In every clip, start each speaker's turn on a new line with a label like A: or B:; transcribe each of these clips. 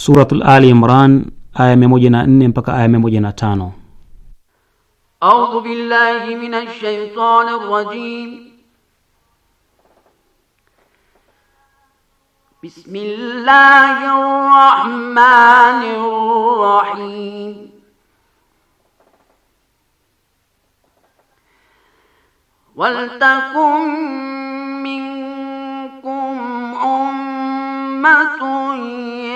A: Suratul Ali Imran aya 104 mpaka aya 105.
B: A'udhu billahi minash shaitanir rajim. Bismillahir rahmanir rahim. Waltakum minkum ummatun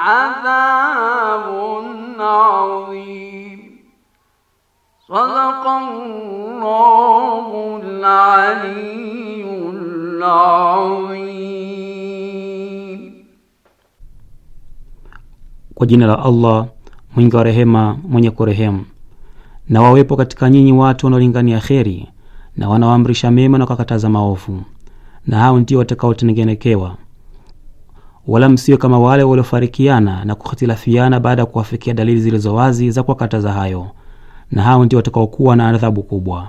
B: عذاب عظيم صدق الله العلي العظيم
A: Kwa jina la Allah mwingi wa rehema mwenye kurehemu. Na wawepo katika nyinyi watu wanaolingania kheri na wanaoamrisha mema na kukataza maovu, na hao ndio watakaotengenekewa wala msiwe kama wale waliofarikiana na kuhitilafiana baada ya kuwafikia dalili zilizo wazi za kuwakataza hayo, na hao ndio watakaokuwa na adhabu kubwa.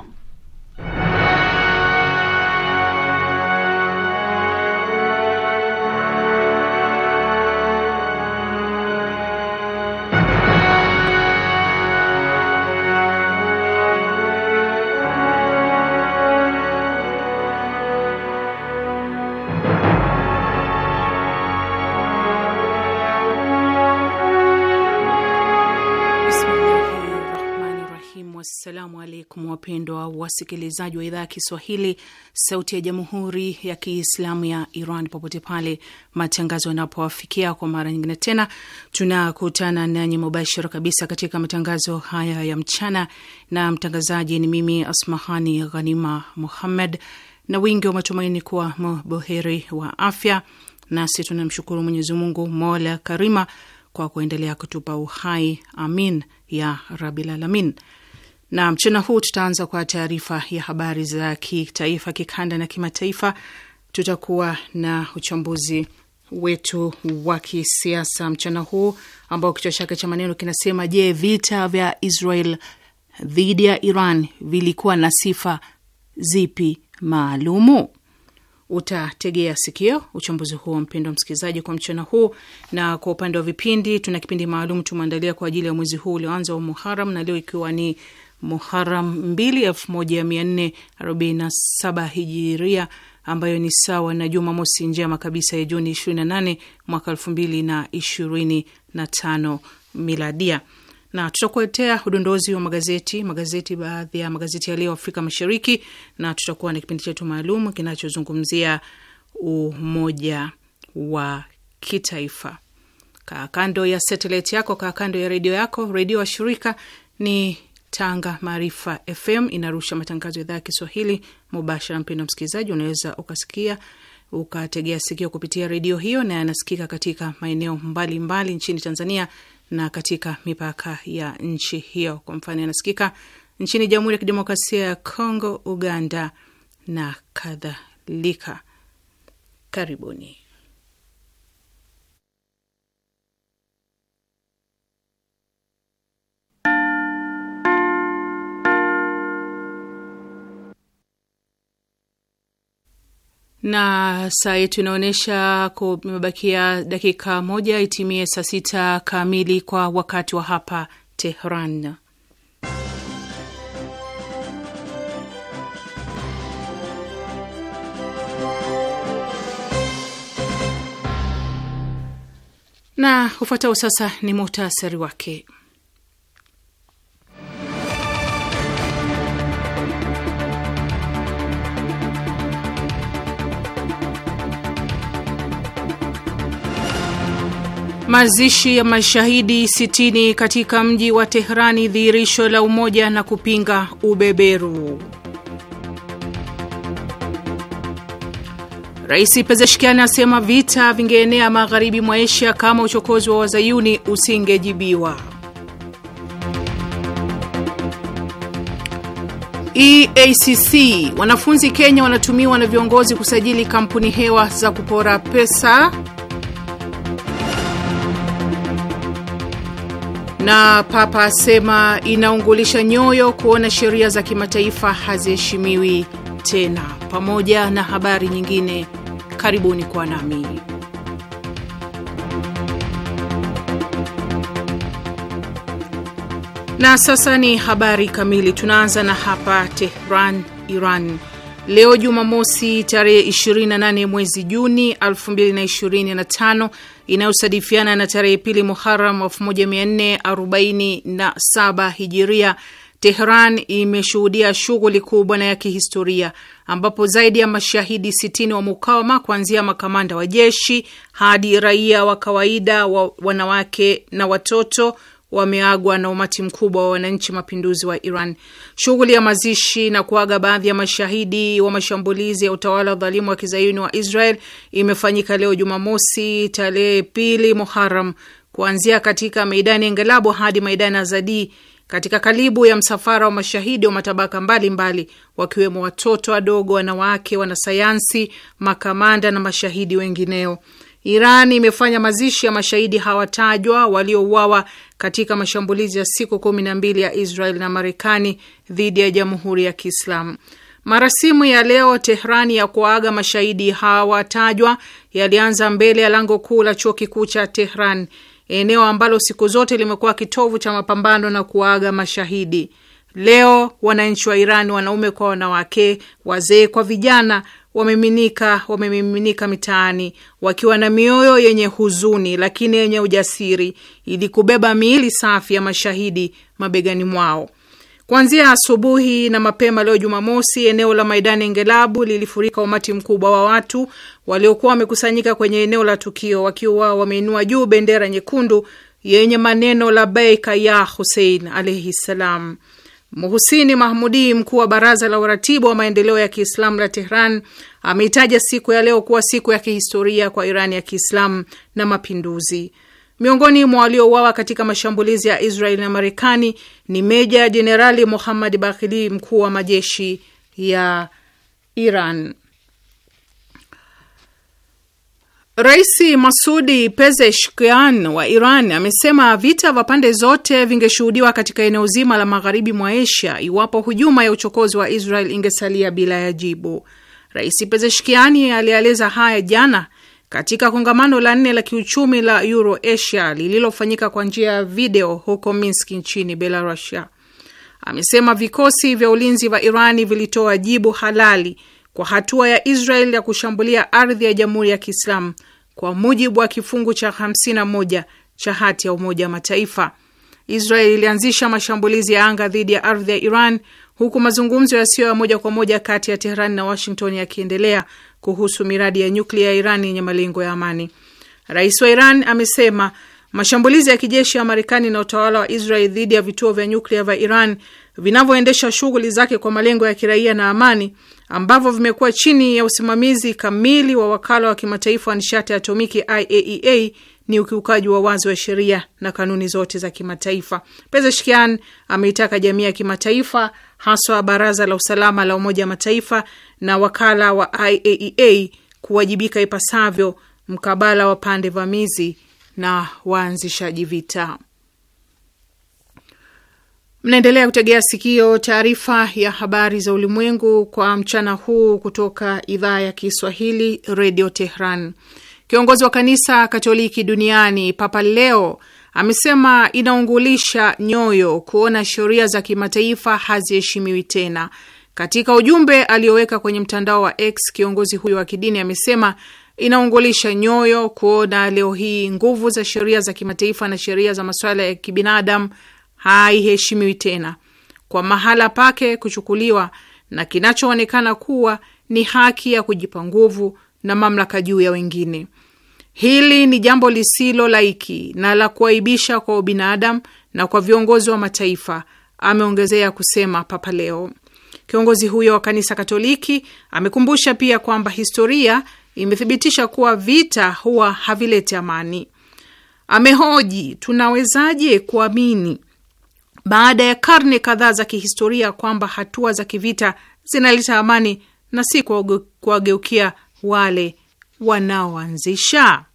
C: alaikum, wapendwa wasikilizaji wa idhaa ya Kiswahili, Sauti ya Jamhuri ya Kiislamu ya Iran, popote pale matangazo yanapowafikia. Kwa mara nyingine tena tunakutana nanyi mubashara kabisa katika matangazo haya ya mchana, na mtangazaji ni mimi Asmahani Ghanima Muhammad, na wingi wa matumaini kuwa mboheri wa afya. Nasi tunamshukuru Mwenyezi Mungu mola karima kwa kuendelea kutupa uhai, amin ya rabil alamin. Na mchana huu tutaanza kwa taarifa ya habari za kitaifa, kikanda na kimataifa. Tutakuwa na uchambuzi wetu wa kisiasa mchana huu ambao kichwa chake cha maneno kinasema: Je, vita vya Israel dhidi ya Iran vilikuwa na sifa zipi maalumu? Utategea sikio uchambuzi huo, wa msikilizaji, kwa mchana huu. Na kwa upande wa vipindi, tuna kipindi maalum tumeandalia kwa ajili ya mwezi huu ulioanza wa Muharam, na leo ikiwa ni Muharam 2147 hijiria ambayo ni sawa na Jumamosi njema kabisa ya Juni 28 mwaka 2025 miladia. Na tutakuletea udondozi wa magazeti magazeti, baadhi ya magazeti yaliyo Afrika Mashariki, na tutakuwa na kipindi chetu maalum kinachozungumzia umoja wa kitaifa. Kaa kando ya satelaiti yako, kaa kando ya redio yako. Redio wa shirika ni Tanga Maarifa FM inarusha matangazo ya idhaa ya Kiswahili mubashara. Mpendo msikilizaji, unaweza ukasikia ukategea sikio kupitia redio hiyo, na yanasikika katika maeneo mbalimbali nchini Tanzania na katika mipaka ya nchi hiyo. Kwa mfano, yanasikika nchini Jamhuri ya Kidemokrasia ya Kongo, Uganda na kadhalika. Karibuni. na saa yetu inaonyesha kumebakia dakika moja itimie saa sita kamili kwa wakati wa hapa Tehran. Na ufuatao sasa ni muhtasari wake. Mazishi ya mashahidi 60 katika mji wa Tehrani, dhihirisho la umoja na kupinga ubeberu. Rais Pezeshkiani asema vita vingeenea magharibi mwa Asia kama uchokozi wa wazayuni usingejibiwa. EACC wanafunzi Kenya wanatumiwa na viongozi kusajili kampuni hewa za kupora pesa. Na Papa asema inaungulisha nyoyo kuona sheria za kimataifa haziheshimiwi tena, pamoja na habari nyingine. Karibuni kwa nami na sasa ni habari kamili. Tunaanza na hapa Tehran, Iran. Leo Jumamosi tarehe 28 mwezi Juni 2025 inayosadifiana na tarehe pili Muharam 1447 hijiria, Tehran imeshuhudia shughuli kubwa na ya kihistoria ambapo zaidi ya mashahidi 60 wa mukawama kuanzia makamanda wa jeshi hadi raia wa kawaida wa wanawake na watoto wameagwa na umati mkubwa wa wananchi mapinduzi wa Iran. Shughuli ya mazishi na kuaga baadhi ya mashahidi wa mashambulizi ya utawala wa dhalimu wa kizayuni wa Israel imefanyika leo Jumamosi tarehe pili Muharam, kuanzia katika maidani Engelabu hadi maidani Azadi katika kalibu ya msafara wa mashahidi wa matabaka mbalimbali mbali, wakiwemo watoto wadogo, wanawake, wanasayansi, makamanda na mashahidi wengineo. Iran imefanya mazishi ya mashahidi hawatajwa waliouawa katika mashambulizi ya siku kumi na mbili ya Israel na Marekani dhidi ya Jamhuri ya Kiislamu. Marasimu ya leo Tehrani ya kuaga mashahidi hawatajwa yalianza mbele ya lango kuu la chuo kikuu cha Tehran, eneo ambalo siku zote limekuwa kitovu cha mapambano na kuaga mashahidi. Leo wananchi wa Iran, wanaume kwa wanawake, wazee kwa vijana, wamemiminika wamemiminika mitaani wakiwa na mioyo yenye huzuni lakini yenye ujasiri, ili kubeba miili safi ya mashahidi mabegani mwao. Kuanzia asubuhi na mapema leo Jumamosi, eneo la Maidani Ngelabu lilifurika umati mkubwa wa watu waliokuwa wamekusanyika kwenye eneo la tukio, wakiwa wameinua juu bendera nyekundu yenye maneno la beika ya Husein alaihi ssalam. Muhusini Mahmudi, mkuu wa baraza la uratibu wa maendeleo ya Kiislamu la Tehran, ameitaja siku ya leo kuwa siku ya kihistoria kwa iran ya Kiislamu na mapinduzi. Miongoni mwa waliouawa katika mashambulizi ya Israeli na Marekani ni meja jenerali Muhammad Baghili, mkuu wa majeshi ya Iran. Rais Masudi Pezeshkian wa Iran amesema vita vya pande zote vingeshuhudiwa katika eneo zima la magharibi mwa Asia iwapo hujuma ya uchokozi wa Israel ingesalia bila ya jibu. Rais Pezeshkiani alieleza haya jana katika kongamano la nne la kiuchumi la Asia lililofanyika kwa njia ya video huko Minsk nchini Belarusia. Amesema vikosi vya ulinzi vya Irani vilitoa jibu halali kwa hatua ya Israel ya kushambulia ardhi ya Jamhuri ya Kiislamu kwa mujibu wa kifungu cha 51 cha hati ya Umoja wa Mataifa. Israel ilianzisha mashambulizi ya anga dhidi ya ardhi ya Iran huku mazungumzo yasiyo ya moja kwa moja kati ya Tehran na Washington yakiendelea kuhusu miradi ya nyuklia ya Iran yenye malengo ya amani. Rais wa Iran amesema mashambulizi ya kijeshi ya Marekani na utawala wa Israel dhidi ya vituo vya nyuklia vya Iran vinavyoendesha shughuli zake kwa malengo ya kiraia na amani ambavyo vimekuwa chini ya usimamizi kamili wa wakala wa kimataifa wa nishati ya atomiki IAEA e ni ukiukaji wa wazi wa sheria na kanuni zote za kimataifa. Pezeshkian ameitaka jamii ya kimataifa haswa Baraza la Usalama la Umoja wa Mataifa na wakala wa IAEA e kuwajibika ipasavyo mkabala wa pande vamizi na waanzishaji vita. Mnaendelea kutegea sikio taarifa ya habari za ulimwengu kwa mchana huu kutoka idhaa ya Kiswahili redio Tehran. Kiongozi wa kanisa Katoliki duniani Papa Leo amesema inaungulisha nyoyo kuona sheria za kimataifa haziheshimiwi tena. Katika ujumbe alioweka kwenye mtandao wa X, kiongozi huyo wa kidini amesema inaungulisha nyoyo kuona leo hii nguvu za sheria za kimataifa na sheria za masuala ya kibinadamu haiheshimiwi tena, kwa mahala pake kuchukuliwa na kinachoonekana kuwa ni haki ya kujipa nguvu na mamlaka juu ya wengine. Hili ni jambo lisilo laiki na la kuaibisha kwa ubinadamu na kwa viongozi wa mataifa, ameongezea kusema Papa Leo. Kiongozi huyo wa kanisa Katoliki amekumbusha pia kwamba historia imethibitisha kuwa vita huwa havileti amani. Amehoji, tunawezaje kuamini baada ya karne kadhaa za kihistoria kwamba hatua za kivita zinaleta amani na si kuwageukia wale wanaoanzisha.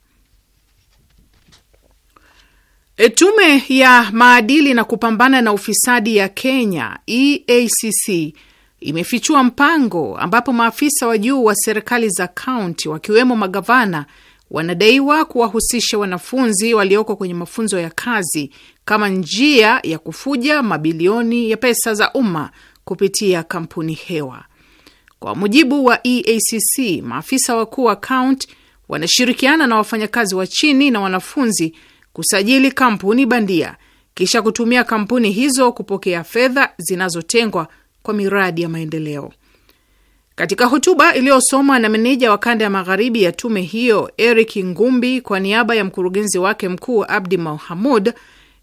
C: E, tume ya maadili na kupambana na ufisadi ya Kenya EACC imefichua mpango ambapo maafisa wa juu wa serikali za kaunti wakiwemo magavana wanadaiwa kuwahusisha wanafunzi walioko kwenye mafunzo ya kazi kama njia ya kufuja mabilioni ya pesa za umma kupitia kampuni hewa. Kwa mujibu wa EACC, maafisa wakuu wa kaunti wanashirikiana na wafanyakazi wa chini na wanafunzi kusajili kampuni bandia, kisha kutumia kampuni hizo kupokea fedha zinazotengwa kwa miradi ya maendeleo. Katika hotuba iliyosomwa na meneja wa kanda ya magharibi ya tume hiyo Eric Ngumbi kwa niaba ya mkurugenzi wake mkuu Abdi Mohamud,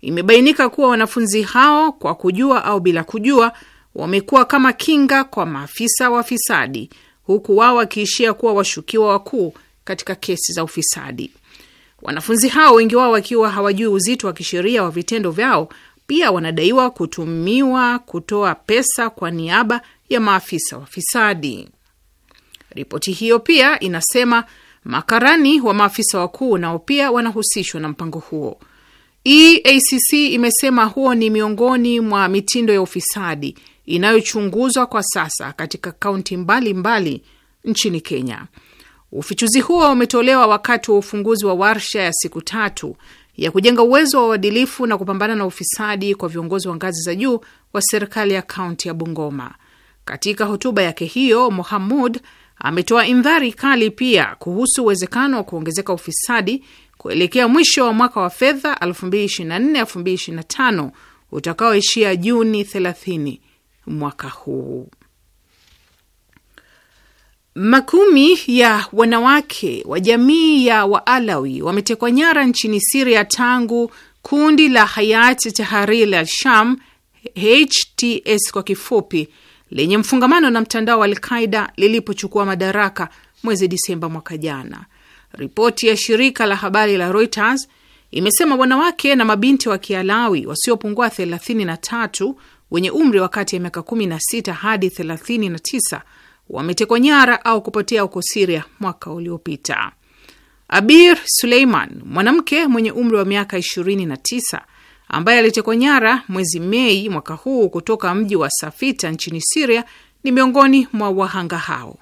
C: imebainika kuwa wanafunzi hao kwa kujua au bila kujua wamekuwa kama kinga kwa maafisa wafisadi, huku wao wakiishia kuwa washukiwa wakuu katika kesi za ufisadi. Wanafunzi hao wengi wao wakiwa hawajui uzito wa kisheria wa vitendo vyao, pia wanadaiwa kutumiwa kutoa pesa kwa niaba ya maafisa wafisadi. Ripoti hiyo pia inasema makarani wa maafisa wakuu nao pia wanahusishwa na mpango huo. EACC imesema huo ni miongoni mwa mitindo ya ufisadi inayochunguzwa kwa sasa katika kaunti mbalimbali nchini Kenya. Ufichuzi huo umetolewa wakati wa ufunguzi wa warsha ya siku tatu ya kujenga uwezo wa uadilifu na kupambana na ufisadi kwa viongozi wa ngazi za juu wa serikali ya kaunti ya Bungoma. Katika hotuba yake hiyo, Mohamud ametoa indhari kali pia kuhusu uwezekano wa kuongezeka ufisadi kuelekea mwisho wa mwaka wa fedha 2024/2025 utakaoishia Juni 30 mwaka huu. Makumi ya wanawake wa jamii ya Waalawi wametekwa nyara nchini Siria tangu kundi la Hayat Tahrir al-Sham HTS kwa kifupi lenye mfungamano na mtandao wa Alqaida lilipochukua madaraka mwezi Disemba mwaka jana. Ripoti ya shirika la habari la Reuters imesema wanawake na mabinti wa Kialawi wasiopungua 33 wenye umri wa kati ya miaka 16 hadi 39 wametekwa nyara au kupotea huko Siria mwaka uliopita. Abir Suleiman, mwanamke mwenye umri wa miaka 29, ambaye alitekwa nyara mwezi Mei mwaka huu kutoka mji wa Safita nchini Siria ni miongoni mwa wahanga hao.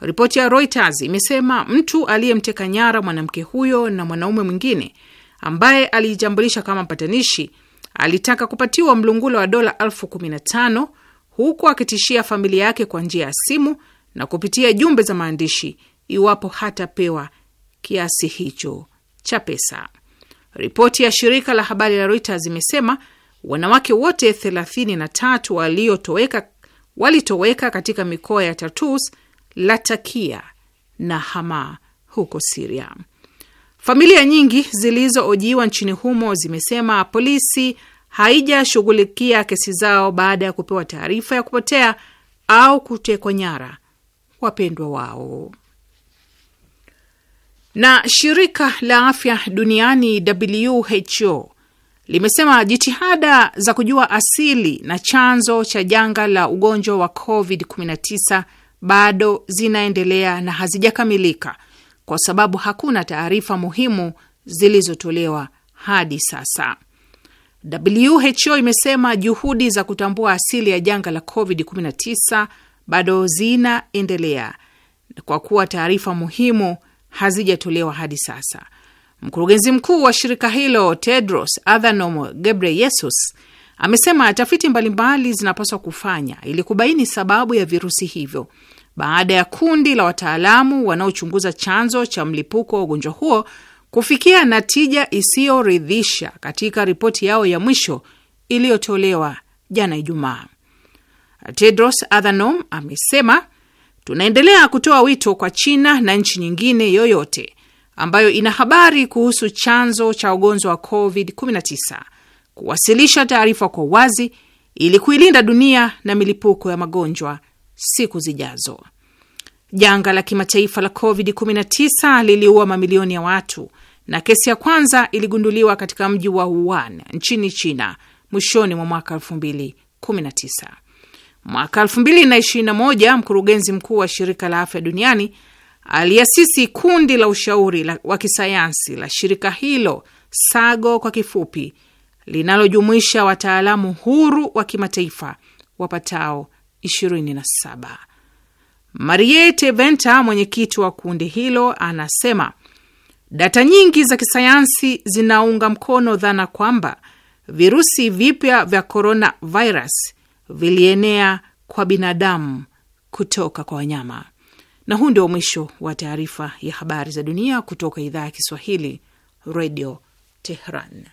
C: Ripoti ya Reuters imesema mtu aliyemteka nyara mwanamke huyo na mwanaume mwingine ambaye alijitambulisha kama mpatanishi alitaka kupatiwa mlungulo wa dola elfu kumi na tano huku akitishia familia yake kwa njia ya simu na kupitia jumbe za maandishi iwapo hatapewa kiasi hicho cha pesa. Ripoti ya shirika la habari la Reuters imesema wanawake wote 33 waliotoweka walitoweka katika mikoa ya Tartus, Latakia na Hama huko Siria. Familia nyingi zilizoojiwa nchini humo zimesema polisi haijashughulikia kesi zao baada ya kupewa taarifa ya kupotea au kutekwa nyara wapendwa wao. Na shirika la afya duniani WHO limesema jitihada za kujua asili na chanzo cha janga la ugonjwa wa COVID-19 bado zinaendelea na hazijakamilika kwa sababu hakuna taarifa muhimu zilizotolewa hadi sasa. WHO imesema juhudi za kutambua asili ya janga la COVID-19 bado zinaendelea kwa kuwa taarifa muhimu hazijatolewa hadi sasa. Mkurugenzi mkuu wa shirika hilo Tedros Adhanom Ghebreyesus amesema tafiti mbalimbali zinapaswa kufanya ili kubaini sababu ya virusi hivyo baada ya kundi la wataalamu wanaochunguza chanzo cha mlipuko wa ugonjwa huo kufikia natija isiyoridhisha katika ripoti yao ya mwisho iliyotolewa jana Ijumaa. Tedros Adhanom amesema Tunaendelea kutoa wito kwa China na nchi nyingine yoyote ambayo ina habari kuhusu chanzo cha ugonjwa wa COVID-19 kuwasilisha taarifa kwa uwazi ili kuilinda dunia na milipuko ya magonjwa siku zijazo. Janga la kimataifa la COVID-19 liliua mamilioni ya watu na kesi ya kwanza iligunduliwa katika mji wa Wuhan nchini China mwishoni mwa mwaka 2019. Mwaka 2021 mkurugenzi mkuu wa shirika la afya duniani aliasisi kundi la ushauri wa kisayansi la shirika hilo SAGO kwa kifupi, linalojumuisha wataalamu huru wa kimataifa wapatao 27. Mariette Venter, mwenyekiti wa kundi hilo, anasema data nyingi za kisayansi zinaunga mkono dhana kwamba virusi vipya vya coronavirus vilienea kwa binadamu kutoka kwa wanyama. Na huu ndio mwisho wa taarifa ya habari za dunia kutoka idhaa ya Kiswahili, Redio Tehran.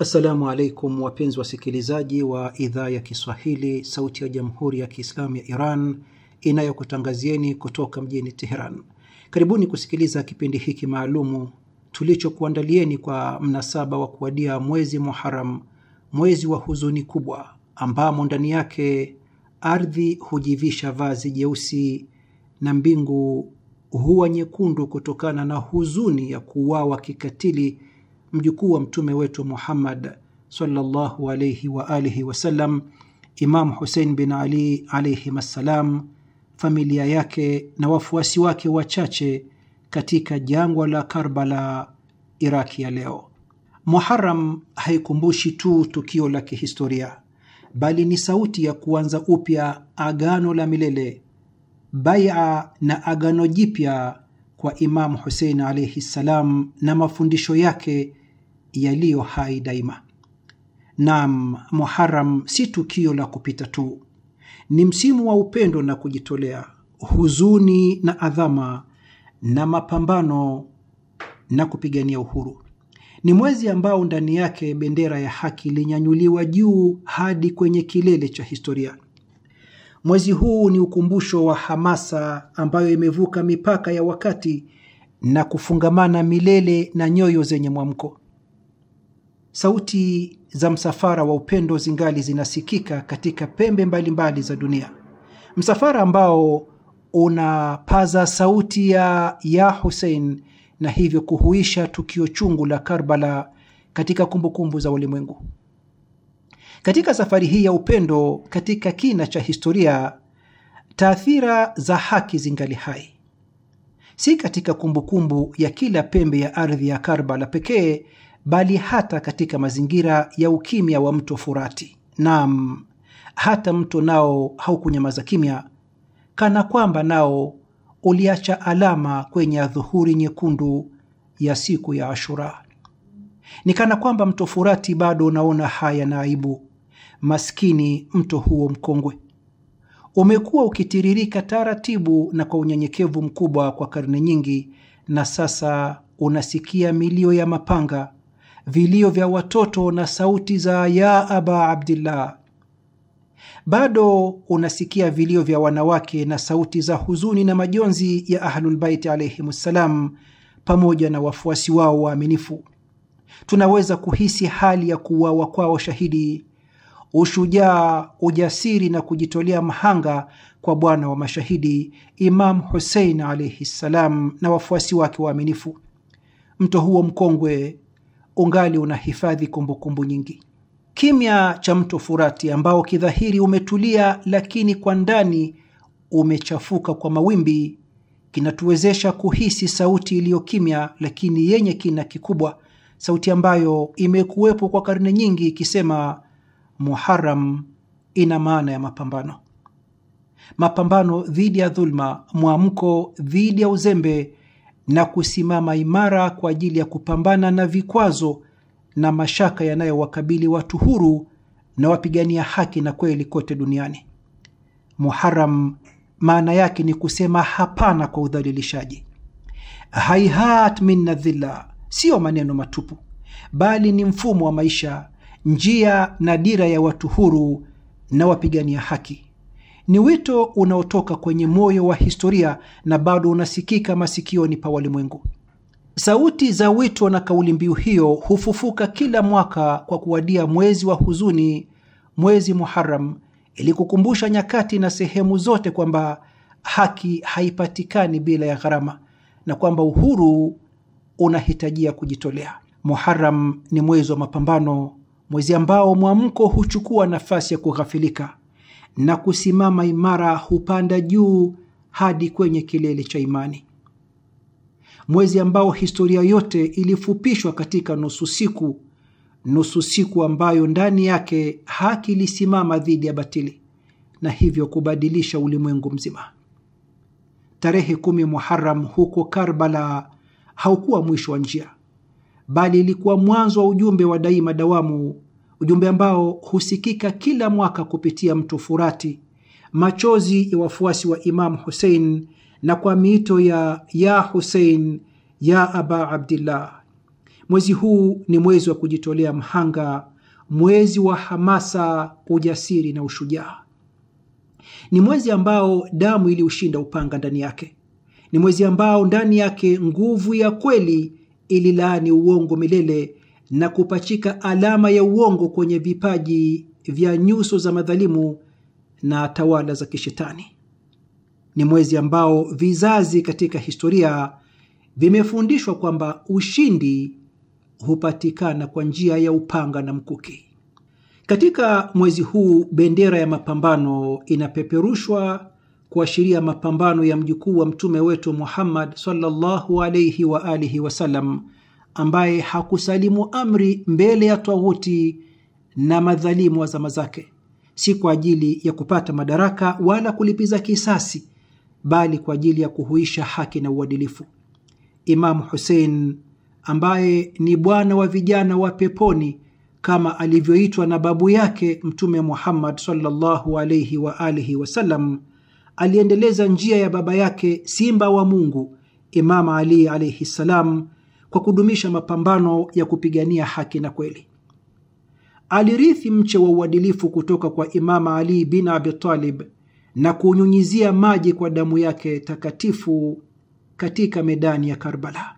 A: Assalamu alaikum wapenzi wasikilizaji wa idhaa ya Kiswahili, sauti ya jamhuri ya kiislamu ya Iran inayokutangazieni kutoka mjini Teheran. Karibuni kusikiliza kipindi hiki maalumu tulichokuandalieni kwa mnasaba wa kuwadia mwezi Muharam, mwezi wa huzuni kubwa, ambamo ndani yake ardhi hujivisha vazi jeusi na mbingu huwa nyekundu kutokana na huzuni ya kuuawa kikatili mjukuu wa mtume wetu Muhammad sallallahu alayhi wa alihi wasallam, Imam Hussein bin Ali alayhi assalam, familia yake na wafuasi wake wachache katika jangwa la Karbala, Iraki ya leo. Muharram haikumbushi tu tukio la kihistoria bali ni sauti ya kuanza upya agano la milele, baia na agano jipya kwa Imamu Husein alayhi ssalam na mafundisho yake yaliyo hai daima. Naam, Muharam si tukio la kupita tu, ni msimu wa upendo na kujitolea, huzuni na adhama, na mapambano na kupigania uhuru. Ni mwezi ambao ndani yake bendera ya haki ilinyanyuliwa juu hadi kwenye kilele cha historia. Mwezi huu ni ukumbusho wa hamasa ambayo imevuka mipaka ya wakati na kufungamana milele na nyoyo zenye mwamko sauti za msafara wa upendo zingali zinasikika katika pembe mbalimbali mbali za dunia, msafara ambao unapaza sauti ya ya Hussein na hivyo kuhuisha tukio chungu la Karbala katika kumbukumbu za ulimwengu. Katika safari hii ya upendo katika kina cha historia, taathira za haki zingali hai, si katika kumbukumbu ya kila pembe ya ardhi ya Karbala pekee bali hata katika mazingira ya ukimya wa mto Furati. Naam, hata mto nao haukunyamaza kimya, kana kwamba nao uliacha alama kwenye adhuhuri nyekundu ya siku ya Ashura. Ni kana kwamba mto Furati bado unaona haya na aibu. Maskini mto huo mkongwe umekuwa ukitiririka taratibu na kwa unyenyekevu mkubwa kwa karne nyingi, na sasa unasikia milio ya mapanga, vilio vya watoto na sauti za ya aba Abdillah. Bado unasikia vilio vya wanawake na sauti za huzuni na majonzi ya Ahlulbaiti alaihim ssalam, pamoja na wafuasi wao waaminifu. Tunaweza kuhisi hali ya kuuawa kwao shahidi, ushujaa, ujasiri na kujitolea mhanga kwa bwana wa mashahidi Imam Husein alaihi ssalam na wafuasi wake waaminifu. Mto huo mkongwe ungali unahifadhi kumbukumbu nyingi. Kimya cha mto Furati ambao kidhahiri umetulia, lakini kwa ndani umechafuka kwa mawimbi, kinatuwezesha kuhisi sauti iliyo kimya lakini yenye kina kikubwa, sauti ambayo imekuwepo kwa karne nyingi ikisema muharam ina maana ya mapambano, mapambano dhidi ya dhulma, mwamko dhidi ya uzembe na kusimama imara kwa ajili ya kupambana na vikwazo na mashaka yanayowakabili watu huru na wapigania haki na kweli kote duniani. Muharam maana yake ni kusema hapana kwa udhalilishaji. Haihat minna dhilla siyo maneno matupu, bali ni mfumo wa maisha, njia na dira ya watu huru na wapigania haki. Ni wito unaotoka kwenye moyo wa historia na bado unasikika masikioni pa walimwengu. Sauti za wito na kauli mbiu hiyo hufufuka kila mwaka kwa kuwadia mwezi wa huzuni, mwezi muharam ili kukumbusha nyakati na sehemu zote kwamba haki haipatikani bila ya gharama na kwamba uhuru unahitajia kujitolea. muharam ni mwezi wa mapambano, mwezi ambao mwamko huchukua nafasi ya kughafilika na kusimama imara hupanda juu hadi kwenye kilele cha imani. Mwezi ambao historia yote ilifupishwa katika nusu siku, nusu siku ambayo ndani yake haki ilisimama dhidi ya batili na hivyo kubadilisha ulimwengu mzima. Tarehe kumi Muharam huko Karbala haukuwa mwisho wa njia, bali ilikuwa mwanzo wa ujumbe wa daima dawamu ujumbe ambao husikika kila mwaka kupitia mto Furati, machozi ya wafuasi wa Imamu Husein na kwa miito ya ya Husein, ya aba Abdillah. Mwezi huu ni mwezi wa kujitolea mhanga, mwezi wa hamasa, ujasiri na ushujaa. Ni mwezi ambao damu iliushinda upanga ndani yake. Ni mwezi ambao ndani yake nguvu ya kweli ililaani uongo milele na kupachika alama ya uongo kwenye vipaji vya nyuso za madhalimu na tawala za kishetani. Ni mwezi ambao vizazi katika historia vimefundishwa kwamba ushindi hupatikana kwa njia ya upanga na mkuki. Katika mwezi huu bendera ya mapambano inapeperushwa kuashiria mapambano ya mjukuu wa mtume wetu Muhammad sallallahu alayhi wa alihi wasallam ambaye hakusalimu amri mbele ya tawuti na madhalimu wa zama zake, si kwa ajili ya kupata madaraka wala kulipiza kisasi, bali kwa ajili ya kuhuisha haki na uadilifu. Imamu Hussein ambaye ni bwana wa vijana wa peponi kama alivyoitwa na babu yake Mtume Muhammad sallallahu alayhi wa alihi wasallam, aliendeleza njia ya baba yake simba wa Mungu Imam Ali alayhi salam kwa kudumisha mapambano ya kupigania haki na kweli. Alirithi mche wa uadilifu kutoka kwa Imama Ali bin Abi Talib na kunyunyizia maji kwa damu yake takatifu katika medani ya Karbala.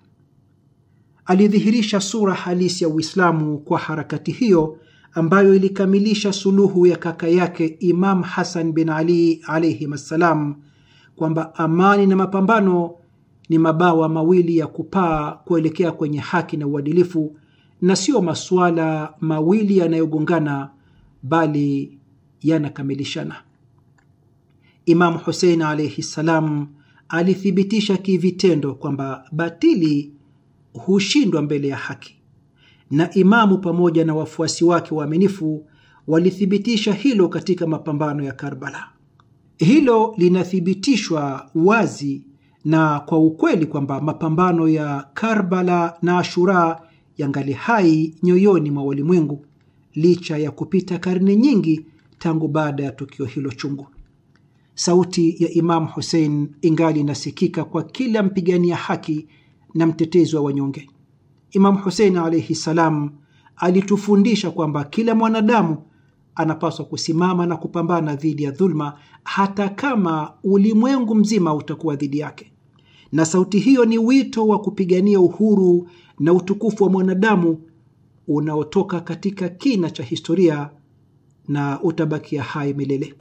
A: Alidhihirisha sura halisi ya Uislamu kwa harakati hiyo ambayo ilikamilisha suluhu ya kaka yake Imam Hasan bin Ali alayhim assalam, kwamba amani na mapambano ni mabawa mawili ya kupaa kuelekea kwenye haki na uadilifu, na sio masuala mawili yanayogongana, bali yanakamilishana. Imamu Husein alaihi ssalam alithibitisha kivitendo kwamba batili hushindwa mbele ya haki, na imamu pamoja na wafuasi wake waaminifu walithibitisha hilo katika mapambano ya Karbala. Hilo linathibitishwa wazi na kwa ukweli kwamba mapambano ya Karbala na Ashura yangali hai nyoyoni mwa walimwengu licha ya kupita karne nyingi tangu baada ya tukio hilo chungu. Sauti ya Imamu Hussein ingali inasikika kwa kila mpigania haki na mtetezi wa wanyonge. Imamu Hussein alaihi salam alitufundisha kwamba kila mwanadamu anapaswa kusimama na kupambana dhidi ya dhulma hata kama ulimwengu mzima utakuwa dhidi yake na sauti hiyo ni wito wa kupigania uhuru na utukufu wa mwanadamu unaotoka katika kina cha historia na utabakia hai milele.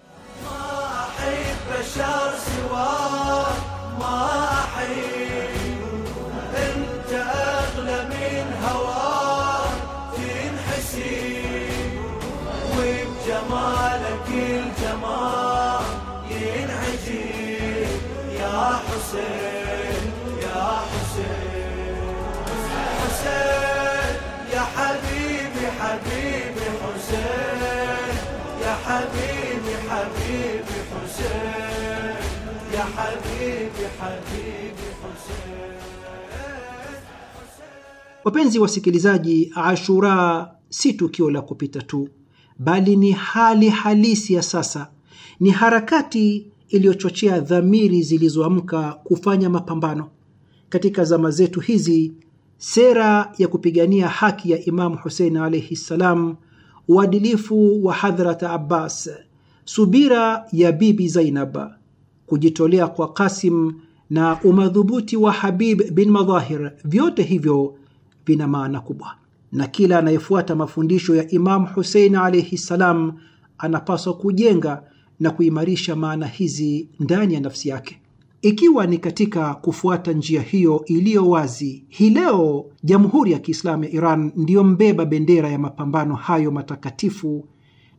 A: Wapenzi wasikilizaji, Ashura si tukio la kupita tu, bali ni hali halisi ya sasa. Ni harakati iliyochochea dhamiri zilizoamka kufanya mapambano. Katika zama zetu hizi, sera ya kupigania haki ya Imamu Husein alaihi ssalam, uadilifu wa Hadhrata Abbas, subira ya Bibi Zainab kujitolea kwa Kasim na umadhubuti wa Habib bin Madhahir, vyote hivyo vina maana kubwa, na kila anayefuata mafundisho ya Imamu Husein alaihi ssalam anapaswa kujenga na kuimarisha maana hizi ndani ya nafsi yake. Ikiwa ni katika kufuata njia hiyo iliyo wazi, hii leo Jamhuri ya Kiislamu ya Iran ndiyo mbeba bendera ya mapambano hayo matakatifu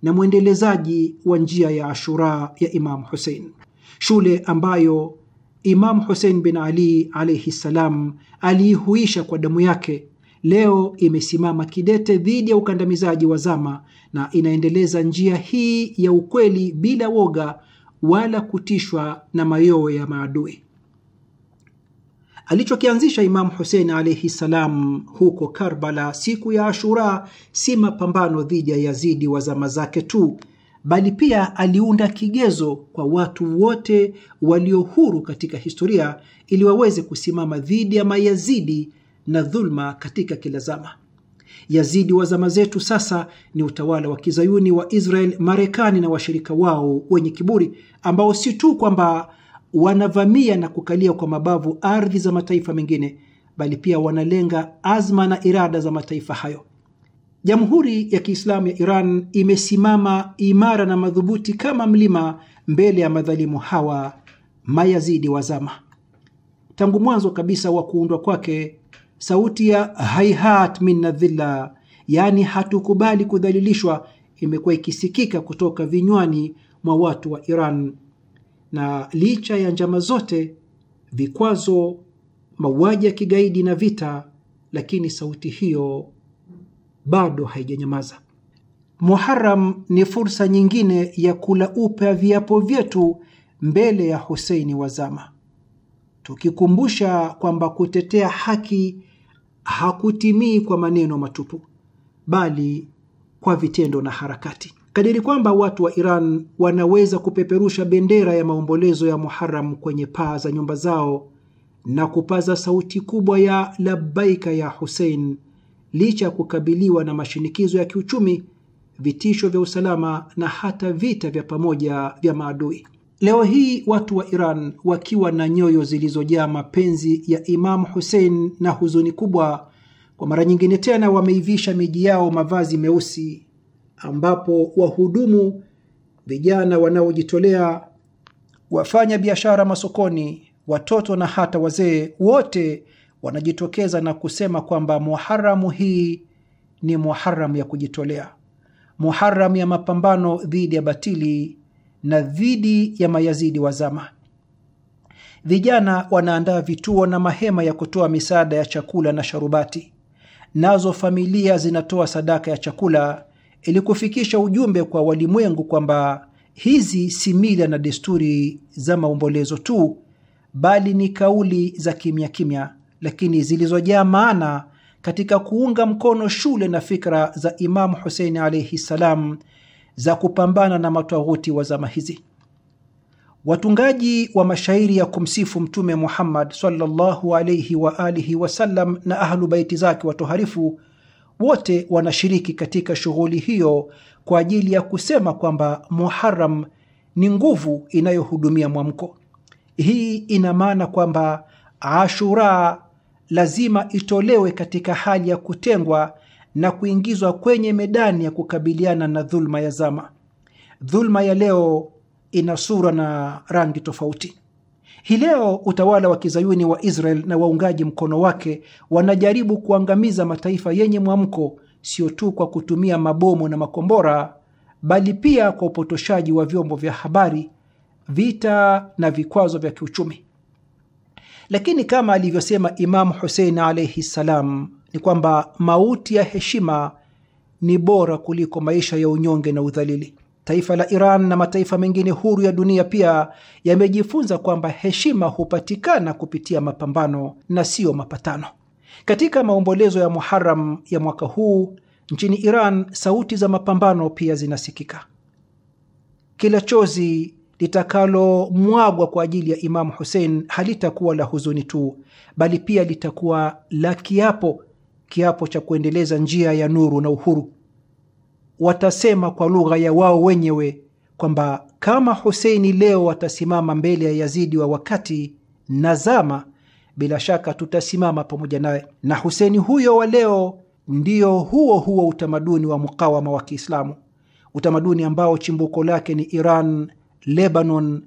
A: na mwendelezaji wa njia ya Ashura ya Imamu Husein shule ambayo Imamu Husein bin Ali alaihi ssalam aliihuisha kwa damu yake, leo imesimama kidete dhidi ya ukandamizaji wa zama na inaendeleza njia hii ya ukweli bila woga wala kutishwa na mayowe ya maadui. Alichokianzisha Imamu Husein alaihi ssalam huko Karbala siku ya Ashura si mapambano dhidi ya Yazidi wa zama zake tu, bali pia aliunda kigezo kwa watu wote walio huru katika historia ili waweze kusimama dhidi ya mayazidi na dhulma katika kila zama. Yazidi wa zama zetu sasa ni utawala wa kizayuni wa Israel, Marekani na washirika wao wenye kiburi ambao si tu kwamba wanavamia na kukalia kwa mabavu ardhi za mataifa mengine, bali pia wanalenga azma na irada za mataifa hayo. Jamhuri ya Kiislamu ya Iran imesimama imara na madhubuti kama mlima mbele ya madhalimu hawa mayazidi wa zama. Tangu mwanzo kabisa wa kuundwa kwake, sauti ya haihat minna dhilla, yaani hatukubali kudhalilishwa, imekuwa ikisikika kutoka vinywani mwa watu wa Iran, na licha ya njama zote, vikwazo, mauaji ya kigaidi na vita, lakini sauti hiyo bado haijanyamaza. Muharam ni fursa nyingine ya kula upya viapo vyetu mbele ya Huseini wa zama, tukikumbusha kwamba kutetea haki hakutimii kwa maneno matupu, bali kwa vitendo na harakati. Kadiri kwamba watu wa Iran wanaweza kupeperusha bendera ya maombolezo ya Muharam kwenye paa za nyumba zao na kupaza sauti kubwa ya labbaika ya Husein licha ya kukabiliwa na mashinikizo ya kiuchumi, vitisho vya usalama na hata vita vya pamoja vya maadui. Leo hii watu wa Iran wakiwa na nyoyo zilizojaa mapenzi ya Imamu Hussein na huzuni kubwa, kwa mara nyingine tena wameivisha miji yao mavazi meusi, ambapo wahudumu, vijana wanaojitolea, wafanya biashara masokoni, watoto na hata wazee wote wanajitokeza na kusema kwamba Muharamu hii ni Muharamu ya kujitolea, Muharamu ya mapambano dhidi ya batili na dhidi ya mayazidi wa zama. Vijana wanaandaa vituo na mahema ya kutoa misaada ya chakula na sharubati, nazo familia zinatoa sadaka ya chakula ili kufikisha ujumbe kwa walimwengu kwamba hizi si mila na desturi za maombolezo tu, bali ni kauli za kimya kimya lakini zilizojaa maana katika kuunga mkono shule na fikra za Imamu Huseini alaihi ssalam za kupambana na matwaghuti wa zama hizi. Watungaji wa mashairi ya kumsifu Mtume Muhammad sallallahu alaihi wa alihi wasallam na Ahlu Baiti zake watoharifu wote wanashiriki katika shughuli hiyo kwa ajili ya kusema kwamba Muharam ni nguvu inayohudumia mwamko. Hii ina maana kwamba Ashura lazima itolewe katika hali ya kutengwa na kuingizwa kwenye medani ya kukabiliana na dhuluma ya zama. Dhuluma ya leo ina sura na rangi tofauti. Hii leo utawala wa kizayuni wa Israel na waungaji mkono wake wanajaribu kuangamiza mataifa yenye mwamko, sio tu kwa kutumia mabomu na makombora, bali pia kwa upotoshaji wa vyombo vya habari, vita na vikwazo vya kiuchumi. Lakini kama alivyosema Imamu Husein alaihi ssalam, ni kwamba mauti ya heshima ni bora kuliko maisha ya unyonge na udhalili. Taifa la Iran na mataifa mengine huru ya dunia pia yamejifunza kwamba heshima hupatikana kupitia mapambano na siyo mapatano. Katika maombolezo ya Muharam ya mwaka huu nchini Iran, sauti za mapambano pia zinasikika. Kila chozi litakalomwagwa kwa ajili ya Imamu Husein halitakuwa la huzuni tu, bali pia litakuwa la kiapo, kiapo cha kuendeleza njia ya nuru na uhuru. Watasema kwa lugha ya wao wenyewe kwamba kama Huseini leo watasimama mbele ya Yazidi wa wakati na zama, bila shaka tutasimama pamoja naye, na Huseini huyo wa leo ndio huo huo utamaduni wa mukawama wa Kiislamu, utamaduni ambao chimbuko lake ni Iran Lebanon,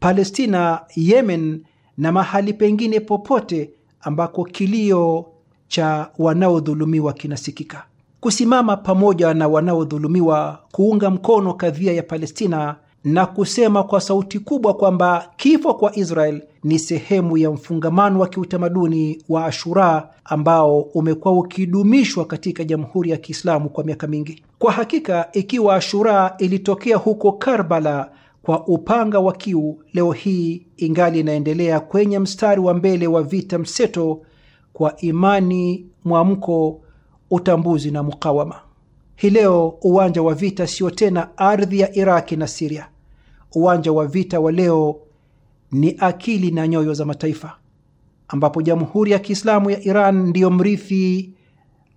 A: Palestina, Yemen na mahali pengine popote ambako kilio cha wanaodhulumiwa kinasikika. Kusimama pamoja na wanaodhulumiwa, kuunga mkono kadhia ya Palestina na kusema kwa sauti kubwa kwamba kifo kwa Israel ni sehemu ya mfungamano wa kiutamaduni wa Ashura ambao umekuwa ukidumishwa katika Jamhuri ya Kiislamu kwa miaka mingi. Kwa hakika, ikiwa Ashura ilitokea huko Karbala kwa upanga wa kiu leo hii ingali inaendelea kwenye mstari wa mbele wa vita mseto kwa imani, mwamko, utambuzi na mukawama. Hii leo uwanja wa vita sio tena ardhi ya Iraki na Siria. Uwanja wa vita wa leo ni akili na nyoyo za mataifa, ambapo Jamhuri ya Kiislamu ya Iran ndiyo mrithi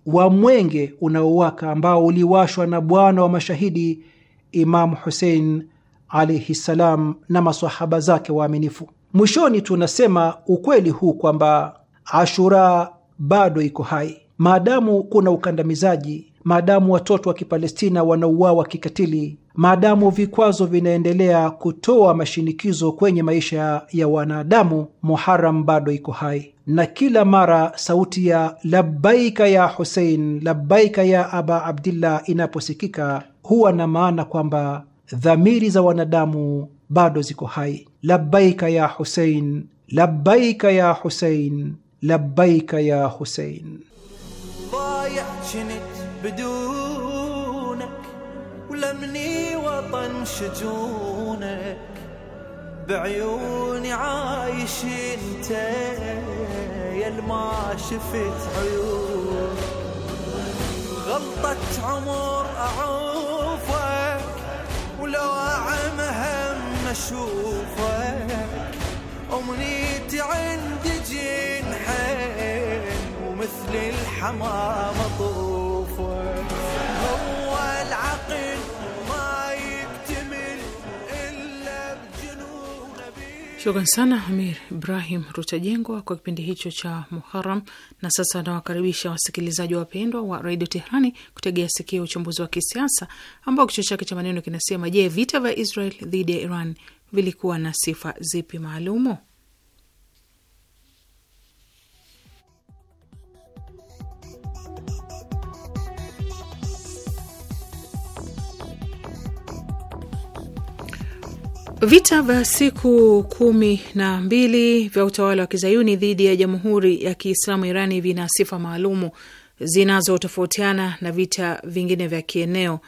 A: wa mwenge unaowaka ambao uliwashwa na bwana wa mashahidi Imamu husein alaihi ssalam na masahaba zake waaminifu. Mwishoni tunasema ukweli huu kwamba Ashura bado iko hai maadamu kuna ukandamizaji, maadamu watoto wa Kipalestina wanauawa kikatili, maadamu vikwazo vinaendelea kutoa mashinikizo kwenye maisha ya wanadamu, Muharam bado iko hai, na kila mara sauti ya labbaika ya Husein, labbaika ya aba Abdillah inaposikika huwa na maana kwamba dhamiri za wanadamu bado ziko hai. Labbaika ya Husein, labbaika ya Husein, labbaika ya Husein.
B: بعيوني عايش انت يا ما شفت عيون غلطة عمر اعوفك ولو أعمهم أشوفك أمنيتي عندي جنحين ومثل الحمام اطوفك
C: Shukran sana Amir Ibrahim Rutajengwa kwa kipindi hicho cha Muharam. Na sasa nawakaribisha wasikilizaji wapendwa wa redio Tehrani kutegea sikio uchambuzi wa kisiasa ambao kichwa chake cha maneno kinasema: Je, vita vya Israel dhidi ya Iran vilikuwa na sifa zipi maalumu? Vita vya siku kumi na mbili vya utawala wa kizayuni dhidi ya jamhuri ya kiislamu Irani vina sifa maalumu zinazotofautiana na vita vingine vya kieneo.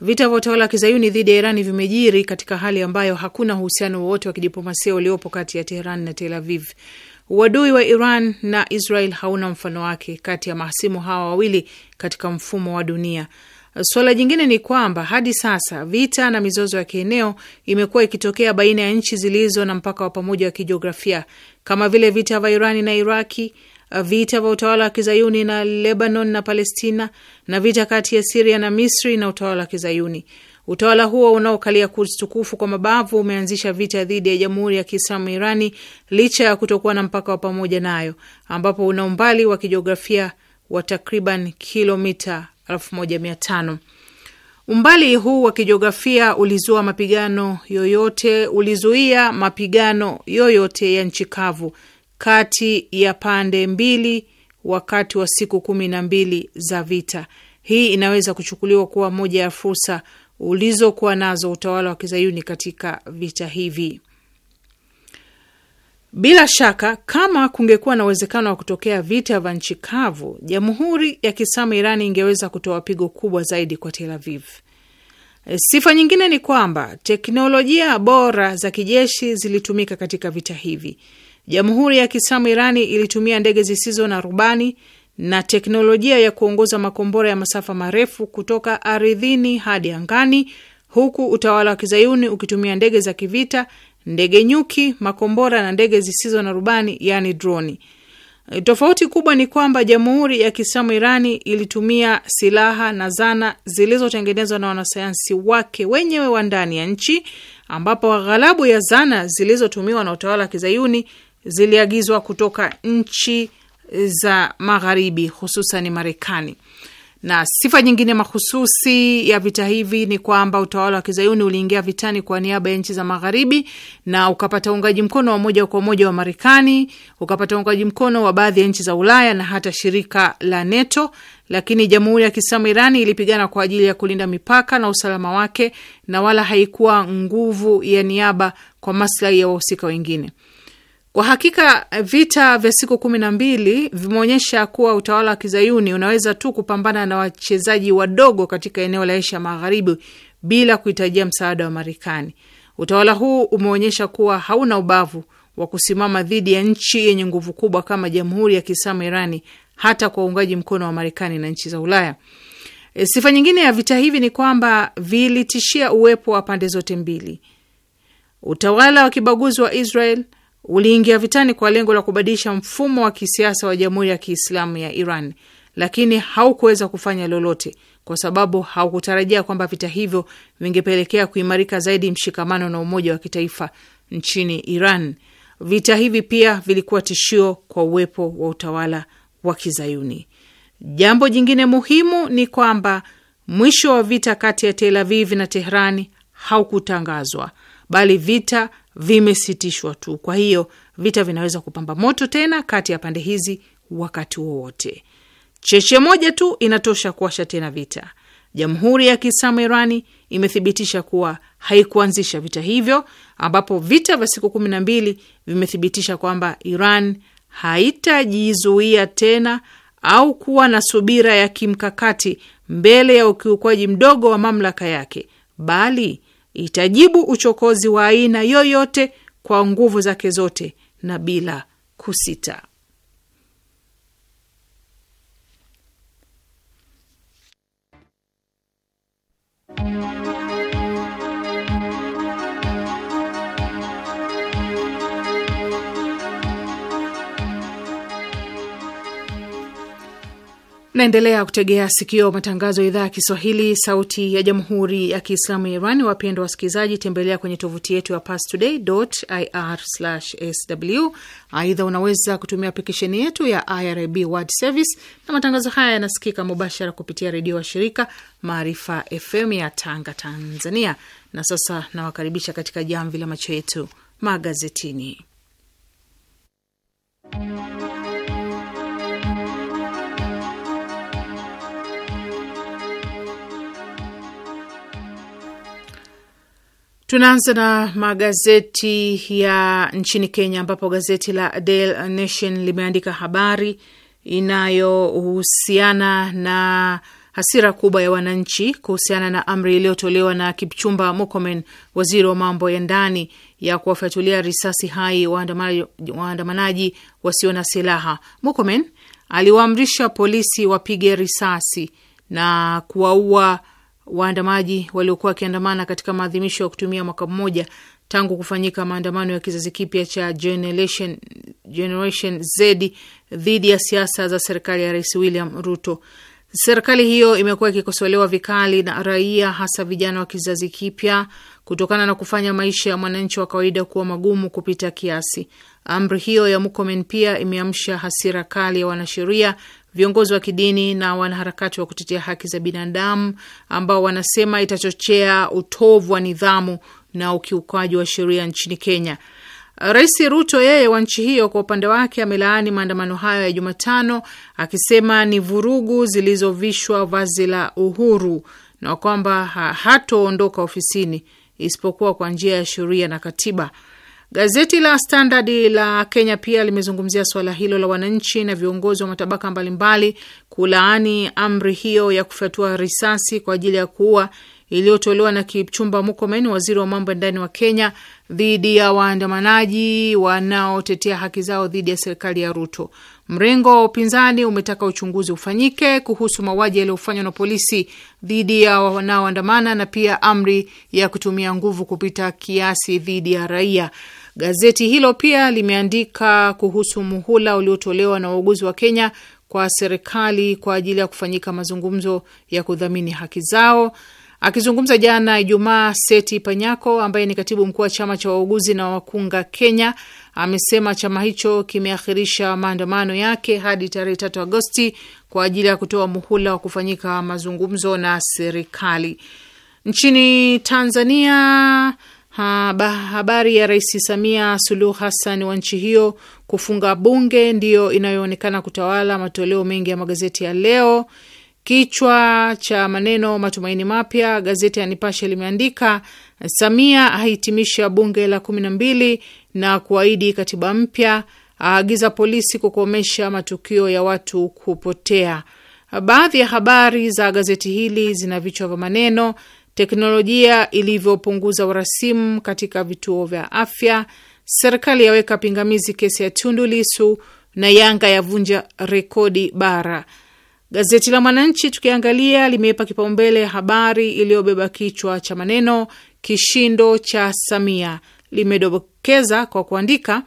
C: Vita vya utawala wa kizayuni dhidi ya Irani vimejiri katika hali ambayo hakuna uhusiano wowote wa kidiplomasia uliopo kati ya Teheran na Tel Aviv. Uadui wa Iran na Israel hauna mfano wake kati ya mahasimu hawa wawili katika mfumo wa dunia Suala jingine ni kwamba hadi sasa vita na mizozo ya kieneo imekuwa ikitokea baina ya nchi zilizo na mpaka wa pamoja wa kijiografia kama vile vita vya Irani na Iraki, vita vya utawala wa kizayuni na Lebanon na Palestina, na vita kati ya Siria na Misri na utawala wa kizayuni. Utawala huo unaokalia Kuds tukufu kwa mabavu umeanzisha vita dhidi ya jamhuri ya kiislamu Irani licha ya kutokuwa na mpaka wa pamoja nayo, ambapo una umbali wa kijiografia wa takriban kilomita 1500. Umbali huu wa kijiografia ulizua mapigano yoyote, ulizuia mapigano yoyote ya nchi kavu kati ya pande mbili wakati wa siku kumi na mbili za vita. Hii inaweza kuchukuliwa kuwa moja ya fursa ulizokuwa nazo utawala wa kizayuni katika vita hivi. Bila shaka kama kungekuwa na uwezekano wa kutokea vita vya nchi kavu, jamhuri ya kiislamu Irani ingeweza kutoa pigo kubwa zaidi kwa Tel Aviv. Eh, sifa nyingine ni kwamba teknolojia bora za kijeshi zilitumika katika vita hivi. Jamhuri ya kiislamu Irani ilitumia ndege zisizo na rubani na teknolojia ya kuongoza makombora ya masafa marefu kutoka ardhini hadi angani, huku utawala wa kizayuni ukitumia ndege za kivita ndege nyuki, makombora na ndege zisizo na rubani, yani droni. E, tofauti kubwa ni kwamba Jamhuri ya Kiislamu Irani ilitumia silaha na zana zilizotengenezwa na wanasayansi wake wenyewe wa ndani ya nchi, ambapo ghalabu ya zana zilizotumiwa na utawala wa kizayuni ziliagizwa kutoka nchi za Magharibi, hususan Marekani. Na sifa nyingine mahususi ya vita hivi ni kwamba utawala wa kizayuni uliingia vitani kwa niaba ya nchi za magharibi na ukapata uungaji mkono wa moja kwa moja wa Marekani, ukapata uungaji mkono wa baadhi ya nchi za Ulaya na hata shirika la NATO. Lakini jamhuri ya Kiislamu Irani ilipigana kwa ajili ya kulinda mipaka na usalama wake, na wala haikuwa nguvu ya niaba kwa maslahi ya wahusika wengine. Kwa hakika vita vya siku kumi na mbili vimeonyesha kuwa utawala wa kizayuni unaweza tu kupambana na wachezaji wadogo katika eneo la Asia Magharibi bila kuhitajia msaada wa Marekani. Utawala huu umeonyesha kuwa hauna ubavu wa kusimama dhidi ya nchi yenye nguvu kubwa kama Jamhuri ya Kiislamu Irani, hata kwa uungaji mkono wa Marekani na nchi za Ulaya. E, sifa nyingine ya vita hivi ni kwamba vilitishia uwepo wa pande zote mbili. Utawala wa kibaguzi wa Israel uliingia vitani kwa lengo la kubadilisha mfumo wa kisiasa wa Jamhuri ya Kiislamu ya Iran, lakini haukuweza kufanya lolote kwa sababu haukutarajia kwamba vita hivyo vingepelekea kuimarika zaidi mshikamano na umoja wa kitaifa nchini Iran. Vita hivi pia vilikuwa tishio kwa uwepo wa utawala wa Kizayuni. Jambo jingine muhimu ni kwamba mwisho wa vita kati ya Tel Aviv na Teherani haukutangazwa bali vita vimesitishwa tu. Kwa hiyo vita vinaweza kupamba moto tena kati ya pande hizi wakati wowote. Cheche moja tu inatosha kuwasha tena vita. Jamhuri ya Kiislamu Irani imethibitisha kuwa haikuanzisha vita hivyo, ambapo vita vya siku kumi na mbili vimethibitisha kwamba Iran haitajizuia tena au kuwa na subira ya kimkakati mbele ya ukiukwaji mdogo wa mamlaka yake, bali itajibu uchokozi wa aina yoyote kwa nguvu zake zote na bila kusita. Naendelea kutegea sikio matangazo ya idhaa ya Kiswahili, sauti ya jamhuri ya kiislamu ya Iran. Wapendwa wasikilizaji, tembelea kwenye tovuti yetu ya pastoday.ir/sw. Aidha, unaweza kutumia aplikesheni yetu ya IRIB World Service, na matangazo haya yanasikika mubashara kupitia redio wa shirika Maarifa FM ya Tanga, Tanzania. Na sasa nawakaribisha katika jamvi la macho yetu magazetini Tunaanza na magazeti ya nchini Kenya, ambapo gazeti la Daily Nation limeandika habari inayohusiana na hasira kubwa ya wananchi kuhusiana na amri iliyotolewa na Kipchumba mukomen waziri wa mambo ya ndani, ya kuwafyatulia risasi hai waandamanaji wasio na silaha. Murkomen aliwaamrisha polisi wapige risasi na kuwaua waandamaji waliokuwa wakiandamana katika maadhimisho ya kutumia mwaka mmoja tangu kufanyika maandamano ya kizazi kipya cha Generation, Generation Z dhidi ya siasa za serikali ya Rais William Ruto. Serikali hiyo imekuwa ikikosolewa vikali na raia, hasa vijana wa kizazi kipya, kutokana na kufanya maisha ya mwananchi wa kawaida kuwa magumu kupita kiasi. Amri hiyo ya Murkomen pia imeamsha hasira kali ya wanasheria viongozi wa kidini na wanaharakati wa kutetea haki za binadamu ambao wanasema itachochea utovu wa nidhamu na ukiukaji wa sheria nchini Kenya. Rais Ruto yeye wa nchi hiyo kwa upande wake amelaani maandamano hayo ya Jumatano akisema ni vurugu zilizovishwa vazi la uhuru na kwamba hatoondoka ofisini isipokuwa kwa njia ya sheria na katiba. Gazeti la Standard la Kenya pia limezungumzia suala hilo la wananchi na viongozi wa matabaka mbalimbali kulaani amri hiyo ya kufyatua risasi kwa ajili ya kuua iliyotolewa na Kipchumba Mukomen, waziri wa mambo ya ndani wa Kenya, dhidi ya waandamanaji wanaotetea haki zao dhidi ya serikali ya Ruto. Mrengo wa upinzani umetaka uchunguzi ufanyike kuhusu mauaji yaliyofanywa na polisi dhidi ya wanaoandamana na pia amri ya kutumia nguvu kupita kiasi dhidi ya raia. Gazeti hilo pia limeandika kuhusu muhula uliotolewa na wauguzi wa Kenya kwa serikali kwa ajili ya kufanyika mazungumzo ya kudhamini haki zao. Akizungumza jana Ijumaa, Seti Panyako ambaye ni katibu mkuu wa chama cha wauguzi na wakunga Kenya amesema chama hicho kimeakhirisha maandamano yake hadi tarehe tatu Agosti kwa ajili ya kutoa muhula wa kufanyika mazungumzo na serikali. Nchini Tanzania, Ha, habari ya Rais Samia Suluhu Hassan wa nchi hiyo kufunga bunge ndiyo inayoonekana kutawala matoleo mengi ya magazeti ya leo. Kichwa cha maneno matumaini mapya, gazeti ya Nipashe limeandika Samia ahitimisha bunge la kumi na mbili na kuahidi katiba mpya, aagiza polisi kukomesha matukio ya watu kupotea. Baadhi ya habari za gazeti hili zina vichwa vya maneno teknolojia ilivyopunguza urasimu katika vituo vya afya, serikali yaweka pingamizi kesi ya Tundu Lisu na Yanga yavunja rekodi bara. Gazeti la Mwananchi tukiangalia limeipa kipaumbele habari iliyobeba kichwa cha maneno kishindo cha Samia. Limedokeza kwa kuandika,